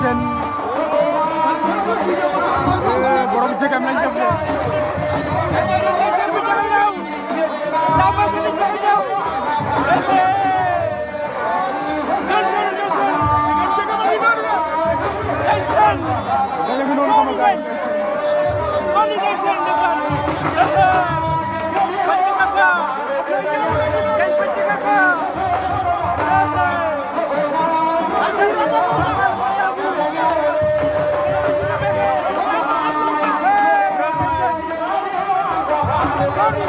seen borom jegam lañ def de. Sen! Sen! Sen! Sen! Sen! Hey, I'm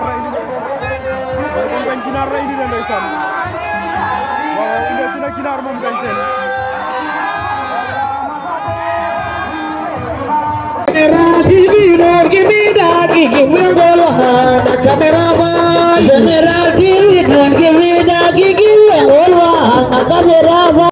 ginaar rey ni moom gañ ginaar rey ni de ndeysaan waaw indi na ginaar moom gañ seen kamera tibi noor gi mi daagi gi mi ngol waana kamera baa kamera tibi noor gi mi daagi gi mi ngol waana kamera baa